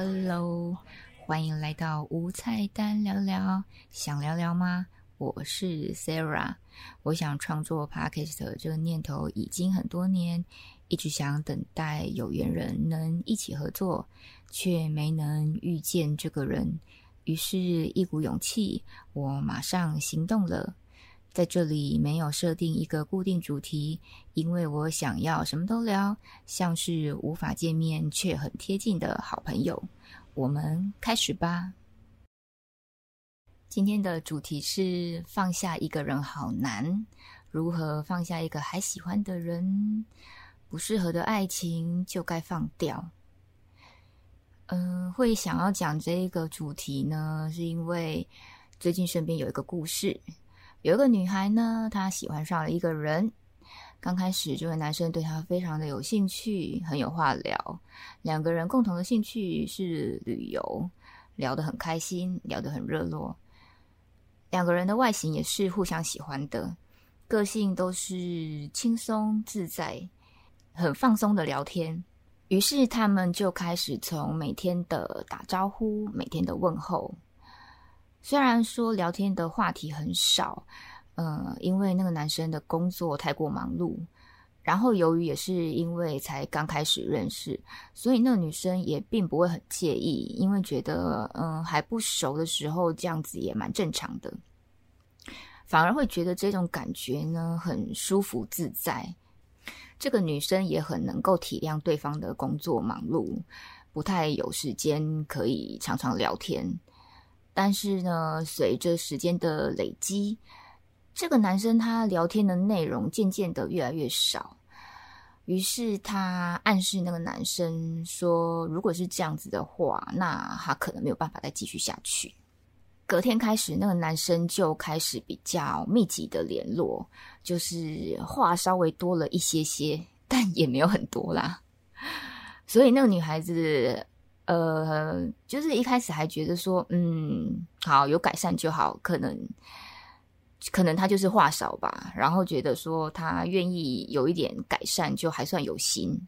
Hello，歡迎來到無菜單聊聊。想聊聊嗎？我是 Sara。我想創作 Podcast 這個念頭已經很多年，一直想等待有緣人能一起合作，卻沒能遇見這個人。於是，一股勇氣，我馬上行動了。在這裡沒有設定一個固定主題，因為我想要什麼都聊，像是無法見面卻很貼近的好朋友。我們開始吧。今天的主題是放下一個人好難，如何放下一個還喜歡的人？不適合的愛情就該放掉。嗯、呃，會想要講這一個主題呢，是因為最近身邊有一個故事。有一個女孩呢，她喜歡上了一個人。剛開始，這位男生對她非常的有興趣，很有話聊。兩個人共同的興趣是旅遊，聊得很開心，聊得很熱絡。兩個人的外形也是互相喜歡的，個性都是輕鬆自在、很放鬆的聊天。於是，他們就開始從每天的打招呼，每天的問候。雖然說聊天的話題很少，呃，因為那個男生的工作太過忙碌，然後由於也是因為才剛開始認識，所以那個女生也並不會很介意，因為覺得嗯，呃，還不熟的時候這樣子也蠻正常的，反而會覺得這種感覺呢很舒服自在。這個女生也很能夠體諒對方的工作忙碌，不太有時間可以常常聊天。但是呢，隨着時間的累積，這個男生他聊天的內容漸漸的越來越少。於是他暗示那個男生說：“如果是這樣子的話，那他可能沒有辦法再繼續下去。”隔天開始，那個男生就開始比較密集的聯絡，就是話稍微多了一些些，但也沒有很多啦。所以那個女孩子，呃，就是一開始還覺得說，嗯，好，有改善就好，可能可能他就是話少吧，然後覺得說他願意有一點改善就還算有心，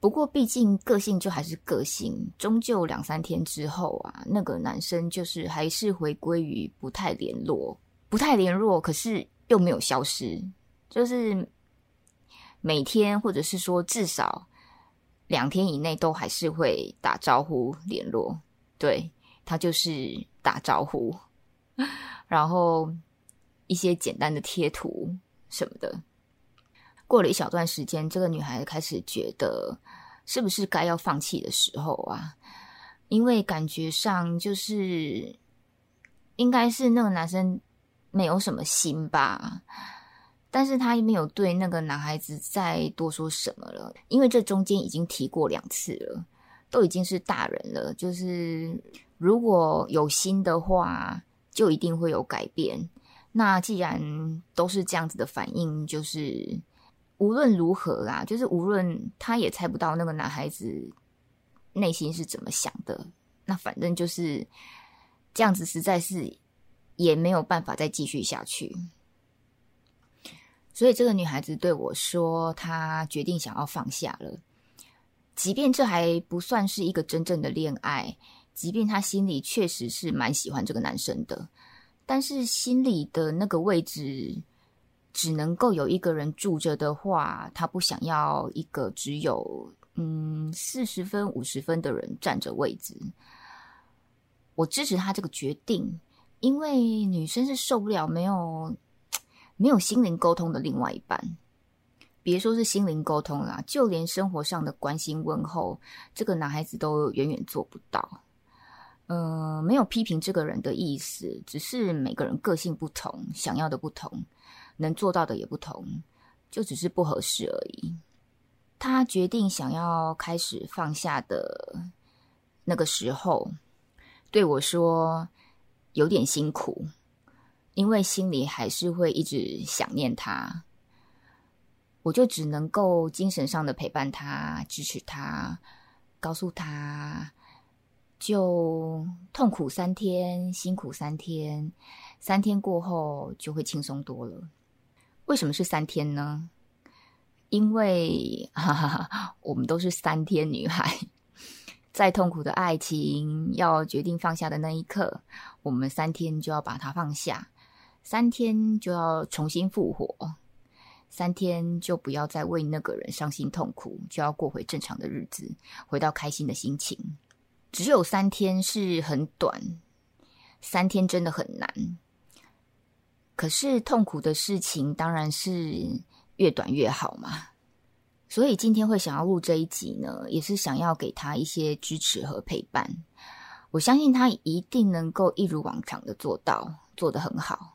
不過畢竟個性就還是個性，終究兩三天之後啊，那個男生就是還是回歸於不太聯絡，不太聯絡，可是又沒有消失，就是每天或者是說至少。兩天以內都還是會打招呼聯絡，對，他就是打招呼，然後一些簡單的貼圖什麼的。過了一小段時間，這個女孩開始覺得是不是該要放棄的時候啊？因為感覺上就是應該是那個男生沒有什麼心吧。但是他也沒有對那個男孩子再多說什麼了，因為這中間已經提過兩次了，都已經是大人了。就是如果有心的話，就一定會有改變。那既然都是這樣子的反應，就是無論如何啦、啊，就是無論他也猜不到那個男孩子內心是怎麼想的。那反正就是這樣子，實在是也沒有辦法再繼續下去。所以，這個女孩子對我說：“她決定想要放下了，即便這還不算是一個真正的戀愛，即便她心裡確實是蠻喜歡這個男生的，但是心裡的那個位置只能夠有一個人住着的話，她不想要一個只有嗯四十分、五十分的人佔着位置。”我支持她這個決定，因為女生是受不了沒有。沒有心靈溝通的另外一半，別說是心靈溝通啦，就連生活上的關心問候，這個男孩子都遠遠做不到。呃，沒有批評這個人的意思，只是每個人個性不同，想要的不同，能做到的也不同，就只是不合適而已。他決定想要開始放下的那個時候，對我說：“有點辛苦。”因為心裡還是會一直想念他，我就只能夠精神上的陪伴他、支持他，告訴他，就痛苦三天，辛苦三天，三天過後就會輕鬆多了。為什麼是三天呢？因為，哈哈哈，我們都是三天女孩。再痛苦的愛情，要決定放下的那一刻，我們三天就要把它放下。三天就要重新復活，三天就不要再為那個人傷心痛苦，就要過回正常的日子，回到開心的心情。只有三天是很短，三天真的很難。可是痛苦的事情當然是越短越好嘛。所以今天會想要錄這一集呢，也是想要給他一些支持和陪伴。我相信他一定能夠一如往常的做到，做得很好。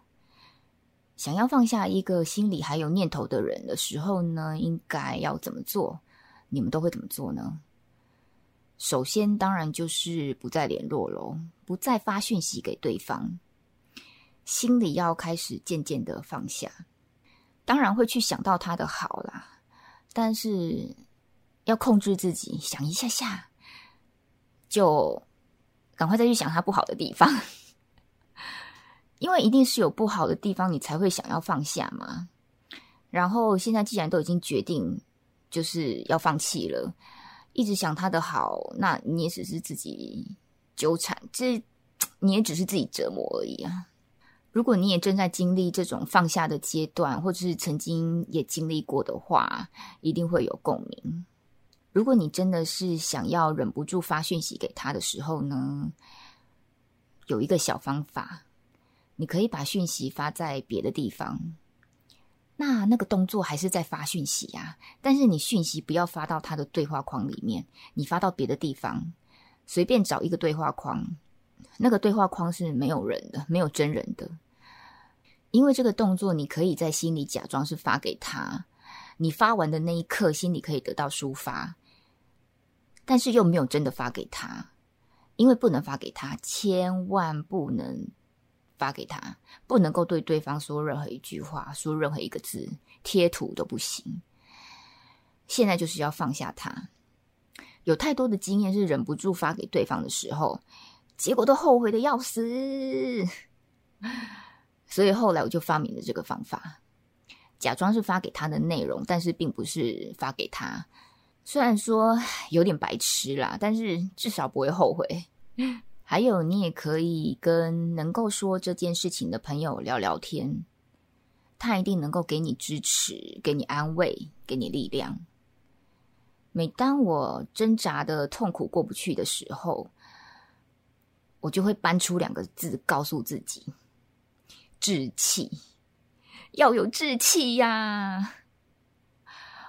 想要放下一個心裡還有念頭的人的時候呢，應該要怎麼做？你們都會怎麼做呢？首先，當然就是不再聯絡囉，不再發訊息給對方，心裡要開始漸漸的放下。當然會去想到他的好啦，但是要控制自己，想一下下，就趕快再去想他不好的地方。因為一定是有不好的地方，你才會想要放下嘛。然後現在既然都已經決定就是要放棄了，一直想他的好，那你也只是自己糾纏，這你也只是自己折磨而已啊。如果你也正在經歷這種放下的階段，或者是曾經也經歷過的話，一定會有共鳴。如果你真的是想要忍不住發訊息給他的時候呢，有一個小方法。你可以把訊息發在別的地方，那那個動作還是在發訊息呀。但是你訊息不要發到他的對話框裡面，你發到別的地方，隨便找一個對話框，那個對話框是沒有人的，沒有真人的。因為這個動作，你可以在心裡假裝是發給他，你發完的那一刻，心裡可以得到抒發，但是又沒有真的發給他，因為不能發給他，千萬不能。發給他，不能夠對對方說任何一句話，說任何一個字，貼圖都不行。現在就是要放下他，有太多的經驗是忍不住發給對方的時候，結果都後悔得要死。所以後來我就發明了這個方法，假裝是發給他的內容，但是並不是發給他。雖然說有點白痴啦，但是至少不會後悔。還有，你也可以跟能夠說這件事情的朋友聊聊天，他一定能夠給你支持，給你安慰，給你力量。每當我掙扎的痛苦過不去的時候，我就會搬出兩個字告訴自己：志氣，要有志氣呀！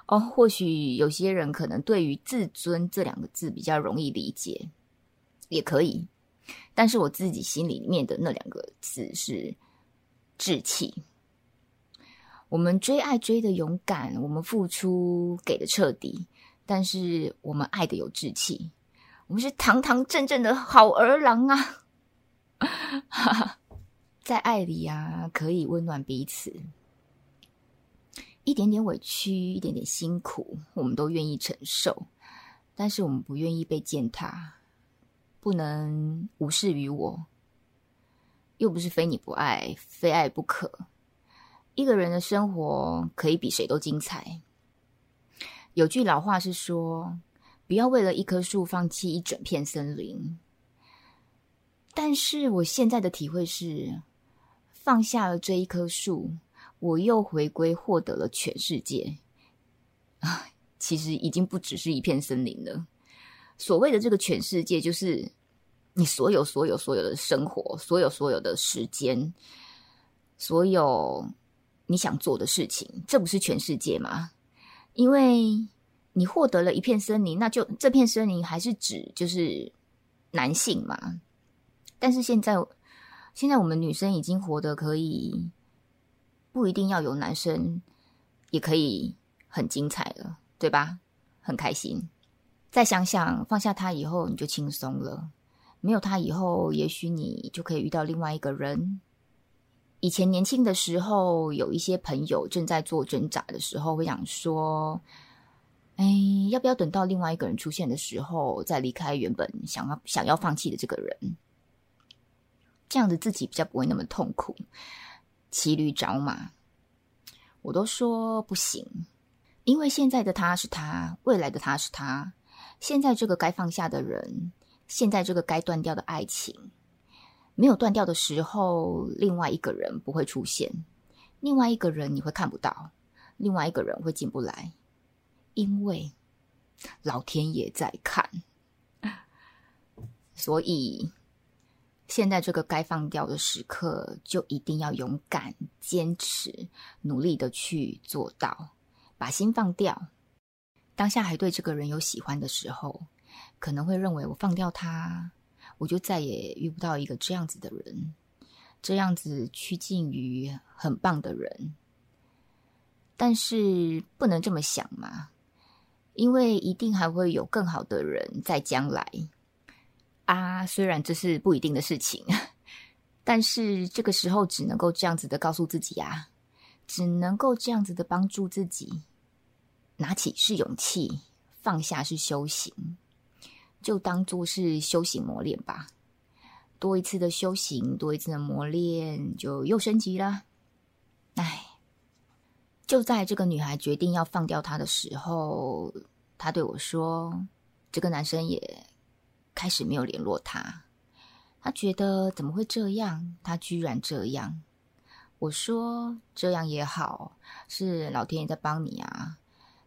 哦，或許有些人可能對於自尊這兩個字比較容易理解，也可以。但是我自己心裡面的那兩個字是志氣。我們追愛追的勇敢，我們付出給的徹底，但是我們愛的有志氣，我們是堂堂正正的好兒郎啊！ 在愛裡啊，可以溫暖彼此，一點點委屈，一點點辛苦，我們都願意承受，但是我們不願意被踐踏。不能無視於我，又不是非你不愛，非愛不可。一個人的生活可以比誰都精彩。有句老話是說，不要為了一棵樹放棄一整片森林。但是我現在的體會是，放下了這一棵樹，我又回歸獲得了全世界。啊，其實已經不只是一片森林了。所謂的這個全世界，就是你所有、所有、所有的生活，所有、所有的時間，所有你想做的事情，這不是全世界嗎？因為你獲得了一片森林，那就這片森林還是指就是男性嘛，但是現在，現在我們女生已經活得可以，不一定要有男生，也可以很精彩了，對吧？很開心。再想想，放下他以後你就輕鬆了。沒有他以後，也許你就可以遇到另外一個人。以前年輕的時候，有一些朋友正在做掙扎的時候，會想說：“哎，要不要等到另外一個人出現的時候，再離開原本想要想要放棄的這個人？”這樣子自己比較不會那麼痛苦。騎驢找馬，我都說不行，因為現在的他是他，未來的他是他。現在這個該放下的人，現在這個該斷掉的愛情，沒有斷掉的時候，另外一個人不會出現，另外一個人你會看不到，另外一個人會進不來，因為老天爺在看，所以現在這個該放掉的時刻，就一定要勇敢、堅持、努力的去做到，把心放掉。當下還對這個人有喜歡的時候，可能會認為我放掉他，我就再也遇不到一個這樣子的人，這樣子趨近於很棒的人。但是不能這麼想嘛，因為一定還會有更好的人在將來。啊，雖然這是不一定的事情，但是這個時候只能夠這樣子的告訴自己啊，只能夠這樣子的幫助自己。拿起是勇氣，放下是修行，就當做是修行磨練吧。多一次的修行，多一次的磨練，就又升級了。唉，就在這個女孩決定要放掉他的時候，她對我說：“這個男生也開始沒有聯絡她。她覺得怎麼會這樣？他居然這樣。”我說：“這樣也好，是老天爺在幫你啊。”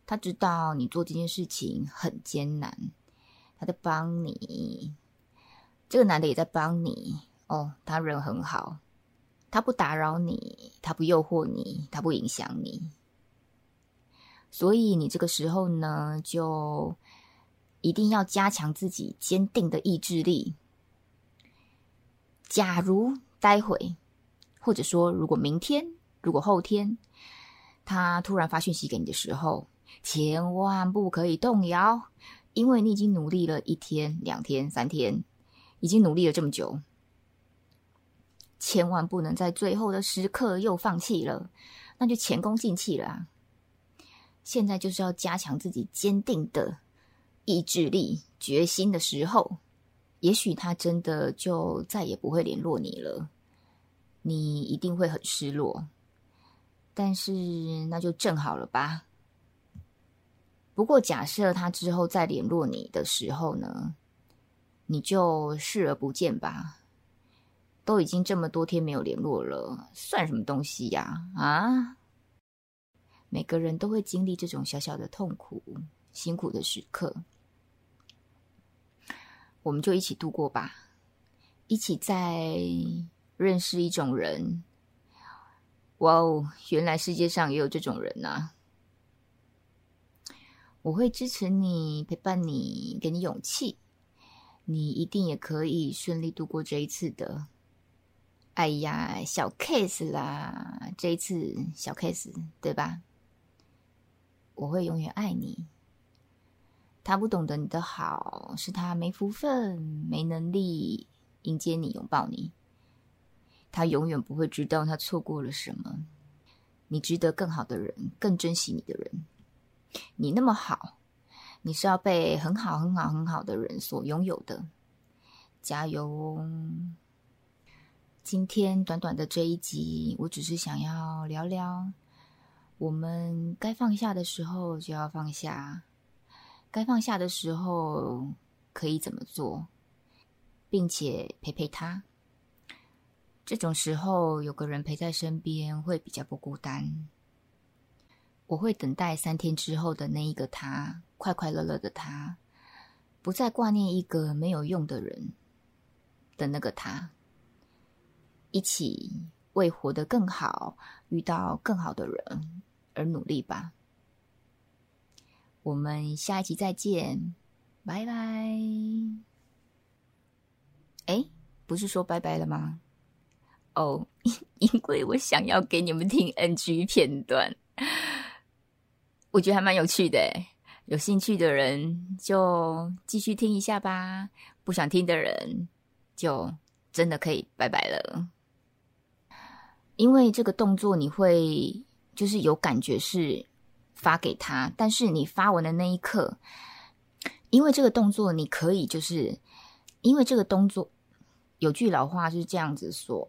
他知道你做這件事情很艱難，他在幫你。這個男的也在幫你哦，他人很好，他不打擾你，他不誘惑你，他不影響你。所以你這個時候呢，就一定要加強自己堅定的意志力。假如待會，或者說如果明天，如果後天，他突然發訊息給你的時候，千萬不可以動搖，因為你已經努力了一天、兩天、三天，已經努力了這麼久，千萬不能在最後的時刻又放棄了，那就前功盡棄了啊。現在就是要加強自己堅定的意志力、決心的時候，也許他真的就再也不會聯絡你了，你一定會很失落，但是那就正好了吧。不過，假設他之後再聯絡你的時候呢，你就視而不見吧。都已經這麼多天沒有聯絡了，算什麼東西呀？啊！每個人都會經歷這種小小的痛苦、辛苦的時刻，我們就一起度過吧。一起再認識一種人。哇哦，原來世界上也有這種人啊！我會支持你，陪伴你，給你勇氣。你一定也可以順利度過這一次的。哎呀，小 case 啦，這一次小 case，對吧？我會永遠愛你。他不懂得你的好，是他沒福分、沒能力迎接你、擁抱你。他永遠不會知道他錯過了什麼。你值得更好的人，更珍惜你的人。你那麼好，你是要被很好、很好、很好的人所擁有的。加油哦！今天短短的這一集，我只是想要聊聊，我們該放下的時候就要放下，該放下的時候可以怎麼做，並且陪陪他。這種時候有個人陪在身邊會比較不孤單。我會等待三天之後的那一個他，快快樂樂的他，不再掛念一個沒有用的人的那個他，一起為活得更好、遇到更好的人而努力吧。我們下一集再見，拜拜。哎，不是說拜拜了嗎？哦，因為我想要給你們聽 NG 片段。我覺得還蠻有趣的，有興趣的人就繼續聽一下吧，不想聽的人就真的可以拜拜了。因為這個動作，你會就是有感覺是發給他，但是你發文的那一刻，因為這個動作，你可以就是，因為這個動作，有句老話是這樣子說。